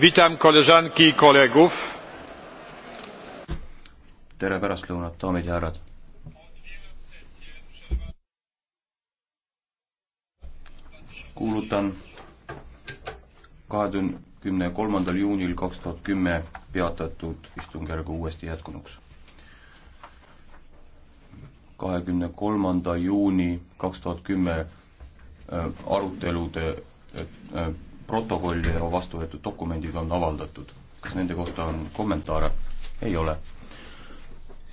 witam koleżanki i kolegów tere pärastlõunat daamid ja härrad kuulutan kahekümne kolmandal juunil kaks tuhat kümme peatatud istungjärgu uuesti jätkunuks kahekümne kolmanda juuni kaks tuhat kümme äh, arutelude äh, protokoll ja vastu võetud dokumendid on avaldatud. kas nende kohta on kommentaare? ei ole.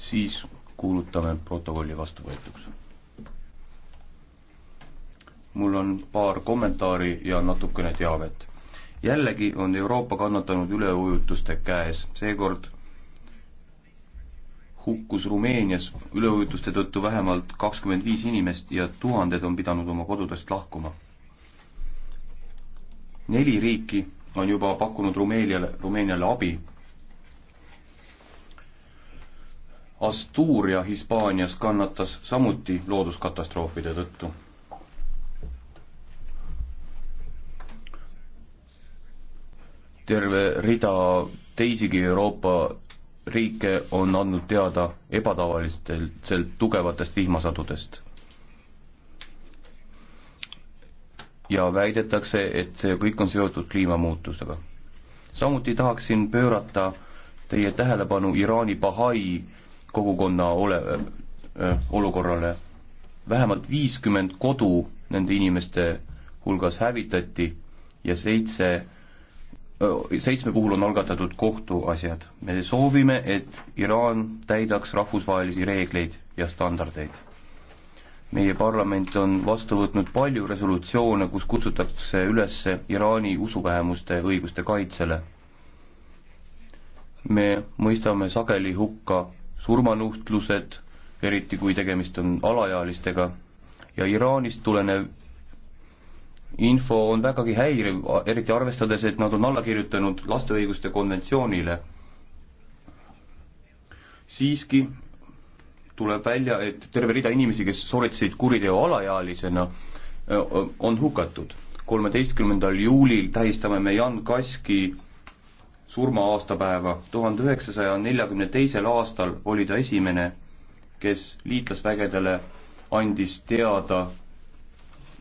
siis kuulutame protokolli vastuvõetuks. mul on paar kommentaari ja natukene teavet. jällegi on Euroopa kannatanud üleujutuste käes, seekord hukkus Rumeenias üleujutuste tõttu vähemalt kakskümmend viis inimest ja tuhanded on pidanud oma kodudest lahkuma neli riiki on juba pakkunud Rumeeniale, Rumeeniale abi. Asturia Hispaanias kannatas samuti looduskatastroofide tõttu. terve rida teisigi Euroopa riike on andnud teada ebatavalistelt tugevatest vihmasadudest ja väidetakse, et see kõik on seotud kliimamuutustega. samuti tahaksin pöörata teie tähelepanu Iraani Bahai kogukonna ole äh,, olukorrale. vähemalt viiskümmend kodu nende inimeste hulgas hävitati ja seitse seitsme puhul on algatatud kohtuasjad. me soovime, et Iraan täidaks rahvusvahelisi reegleid ja standardeid meie parlament on vastu võtnud palju resolutsioone, kus kutsutakse üles Iraani usuvähemuste õiguste kaitsele. me mõistame sageli hukka surmanuhtlused, eriti kui tegemist on alaealistega, ja Iraanist tulenev info on vägagi häiriv, eriti arvestades, et nad on alla kirjutanud laste õiguste konventsioonile. siiski tuleb välja, et terve rida inimesi, kes sooritasid kuriteo alaealisena, on hukatud. kolmeteistkümnendal juulil tähistame me Jan Kaski surma aastapäeva. tuhande üheksasaja neljakümne teisel aastal oli ta esimene, kes liitlasvägedele andis teada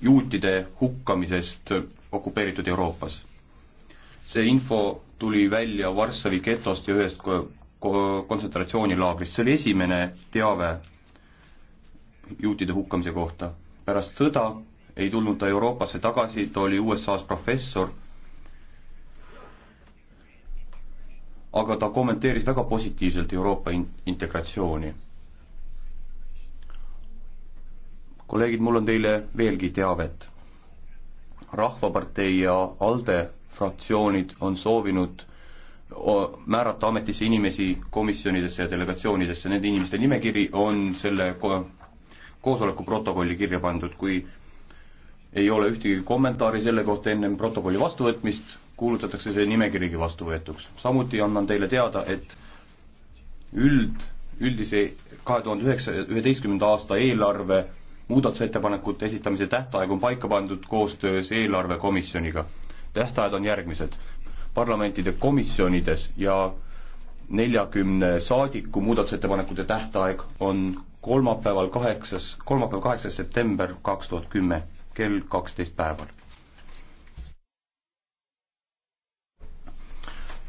juutide hukkamisest okupeeritud Euroopas. see info tuli välja Varssavi getost ja ühest kontsentratsioonilaagrist, see oli esimene teave juutide hukkamise kohta. pärast sõda ei tulnud ta Euroopasse tagasi, ta oli USA-s professor, aga ta kommenteeris väga positiivselt Euroopa in-, integratsiooni. kolleegid, mul on teile veelgi teavet. rahvapartei ja ALDE fraktsioonid on soovinud määrata ametisse inimesi komisjonidesse ja delegatsioonidesse, nende inimeste nimekiri on selle ko koosoleku protokolli kirja pandud, kui ei ole ühtegi kommentaari selle kohta ennem protokolli vastuvõtmist, kuulutatakse see nimekirigi vastuvõetuks. samuti annan teile teada, et üld, üldise kahe tuhande üheksa, üheteistkümnenda aasta eelarve muudatusettepanekute esitamise tähtaeg on paika pandud koostöös eelarvekomisjoniga. tähtajad on järgmised parlamentide komisjonides ja neljakümne saadiku muudatusettepanekute tähtaeg on kolmapäeval kaheksas, kolmapäev, kaheksas september kaks tuhat kümme kell kaksteist päeval.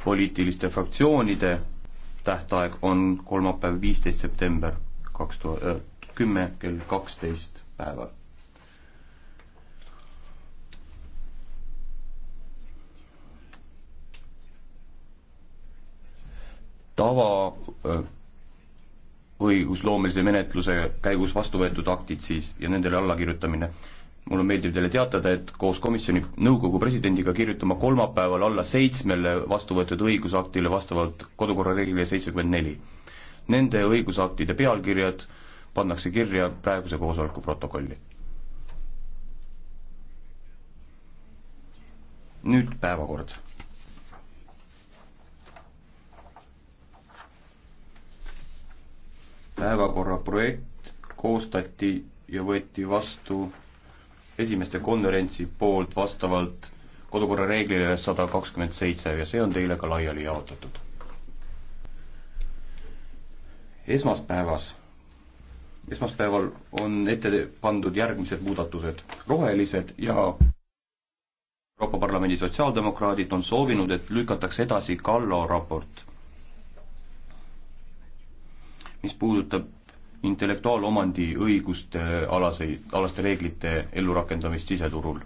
poliitiliste fraktsioonide tähtaeg on kolmapäev, viisteist september kaks tuhat äh, kümme kell kaksteist päeval. tava õigusloomelise menetluse käigus vastu võetud aktid siis ja nendele allakirjutamine. mul on meeldiv teile teatada, et koos komisjoni nõukogu presidendiga kirjutama kolmapäeval alla seitsmele vastu võetud õigusaktile vastavalt kodukorra reeglile seitsekümmend neli. Nende õigusaktide pealkirjad pannakse kirja praeguse koosoleku protokolli. nüüd päevakord päevakorra projekt koostati ja võeti vastu esimeste konverentsi poolt vastavalt kodukorra reeglile sada kakskümmend seitse ja see on teile ka laiali jaotatud. esmaspäevas, esmaspäeval on ette pandud järgmised muudatused, rohelised ja Euroopa Parlamendi sotsiaaldemokraadid on soovinud, et lükatakse edasi Kallo raport mis puudutab intellektuaalomandi õiguste alaseid, alaste reeglite ellurakendamist siseturul.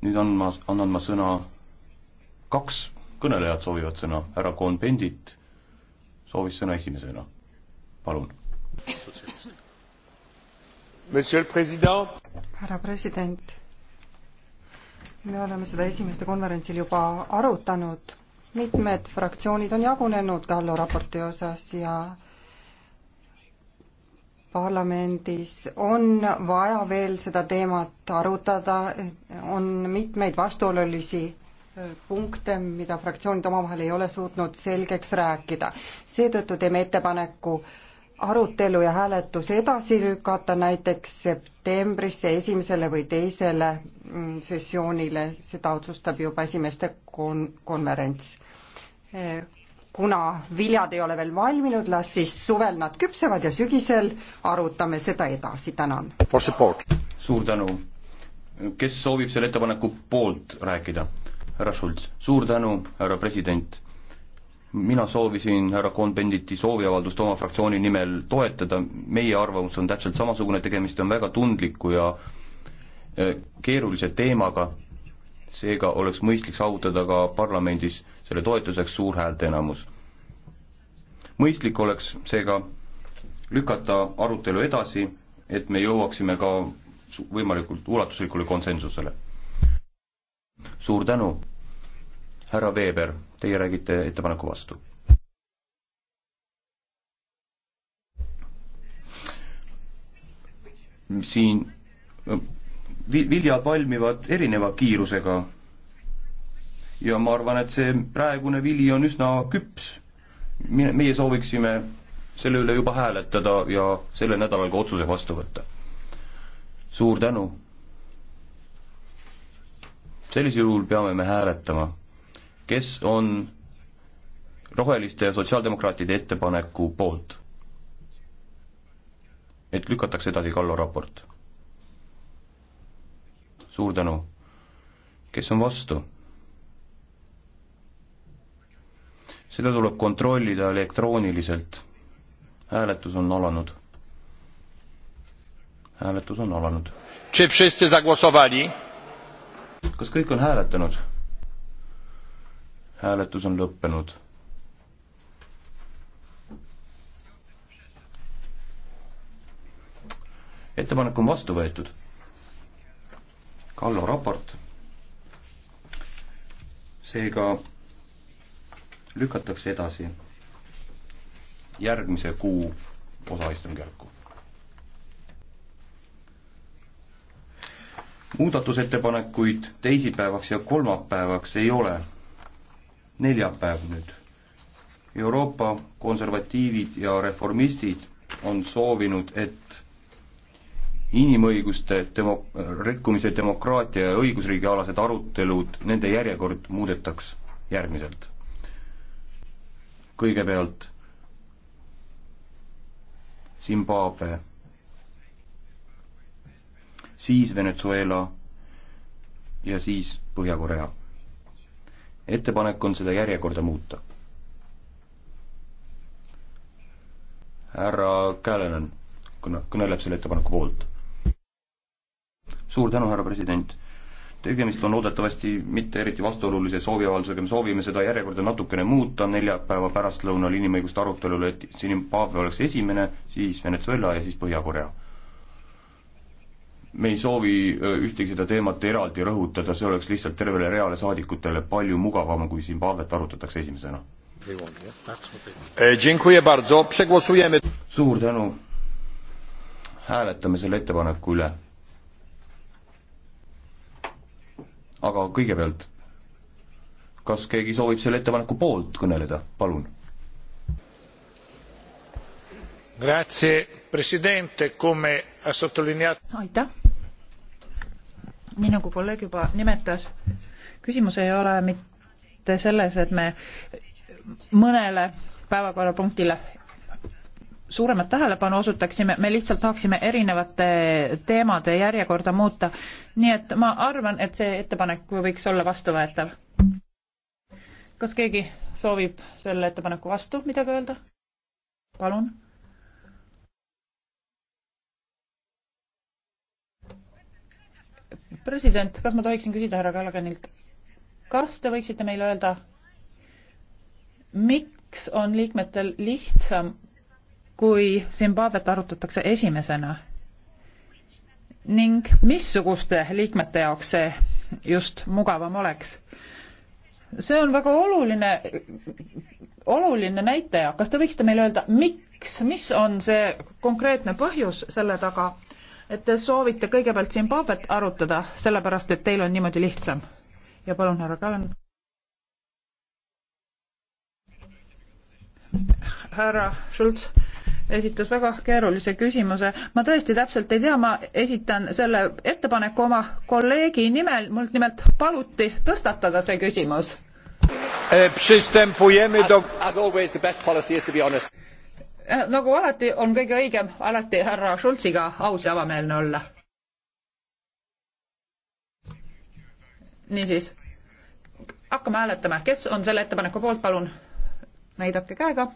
nüüd andmas, annan ma sõna, kaks kõnelejat soovivad sõna, härra Cohn-Bendit soovis sõna esimesena, palun. härra president, me oleme seda esimeste konverentsil juba arutanud mitmed fraktsioonid on jagunenud Kallo raporti osas ja parlamendis on vaja veel seda teemat arutada, on mitmeid vastuolulisi äh, punkte, mida fraktsioonid omavahel ei ole suutnud selgeks rääkida. seetõttu teeme ettepaneku äh, arutelu ja hääletus edasi lükata näiteks septembrisse esimesele või teisele mm, sessioonile, seda otsustab juba esimeste kon-, konverents. kuna viljad ei ole veel valminud, las siis suvel nad küpsevad ja sügisel arutame seda edasi, tänan. suur tänu. kes soovib selle ettepaneku poolt rääkida? härra Schulz, suur tänu, härra president mina soovisin härra Cohn-Benditi sooviavaldust oma fraktsiooni nimel toetada, meie arvamus on täpselt samasugune, tegemist on väga tundliku ja eh, keerulise teemaga, seega oleks mõistlik saavutada ka parlamendis selle toetuseks suur häälteenamus. mõistlik oleks seega lükata arutelu edasi, et me jõuaksime ka võimalikult ulatuslikule konsensusele. suur tänu, härra Veeber teie räägite ettepaneku vastu. siin viljad valmivad erineva kiirusega ja ma arvan, et see praegune vili on üsna küps. meie sooviksime selle üle juba hääletada ja sellel nädalal ka otsuse vastu võtta. suur tänu. sellisel juhul peame me hääletama kes on roheliste ja sotsiaaldemokraatide ettepaneku poolt? et lükatakse edasi Kallo raport. suur tänu. kes on vastu? seda tuleb kontrollida elektrooniliselt. hääletus on alanud. hääletus on alanud. kas kõik on hääletanud? hääletus on lõppenud. ettepanek on vastu võetud. Kallo raport. seega lükatakse edasi järgmise kuu osaistungjärku. muudatusettepanekuid teisipäevaks ja kolmapäevaks ei ole neljapäev nüüd. Euroopa konservatiivid ja reformistid on soovinud, et inimõiguste demo-, rikkumise demokraatia ja õigusriigi alased arutelud, nende järjekord muudetaks järgmiselt. kõigepealt Zimbabwe, siis Venezuela ja siis Põhja-Korea ettepanek on seda järjekorda muuta. härra Kälenan kõne, kõneleb selle ettepaneku poolt. suur tänu, härra president. tegemist on loodetavasti mitte eriti vastuolulise sooviavaldusega, me soovime seda järjekorda natukene muuta, neljapäeva pärastlõunal inimõiguste arutelul, et Zimbabwe oleks esimene, siis Venezuela ja siis Põhja-Korea me ei soovi ühtegi seda teemat eraldi rõhutada, see oleks lihtsalt tervele reale saadikutele palju mugavam, kui Zimbabwet arutatakse esimesena. suur tänu, hääletame selle ettepaneku üle. aga kõigepealt, kas keegi soovib selle ettepaneku poolt kõneleda, palun? aitäh nii nagu kolleeg juba nimetas, küsimus ei ole mitte selles, et me mõnele päevakorrapunktile suuremat tähelepanu osutaksime, me lihtsalt tahaksime erinevate teemade järjekorda muuta. nii et ma arvan, et see ettepanek võiks olla vastuvõetav. kas keegi soovib selle ettepaneku vastu midagi öelda? palun president, kas ma tohiksin küsida härra Kallaganilt, kas te võiksite meile öelda, miks on liikmetel lihtsam, kui Zimbabwet arutatakse esimesena? ning missuguste liikmete jaoks see just mugavam oleks? see on väga oluline, oluline näitaja, kas te võiksite meile öelda, miks, mis on see konkreetne põhjus selle taga? et te soovite kõigepealt Zimbabwet arutada, sellepärast et teil on niimoodi lihtsam. ja palun, härra Kallen. härra Schultz esitas väga keerulise küsimuse. ma tõesti täpselt ei tea, ma esitan selle ettepaneku oma kolleegi nimel, mult nimelt paluti tõstatada see küsimus. Äh, przystępujemy do... As, as always the best policy is to be honest Äh, nagu alati on kõige õigem alati härra Schulziga aus ja avameelne olla. niisiis, hakkame hääletama, kes on selle ettepaneku poolt, palun näidake käega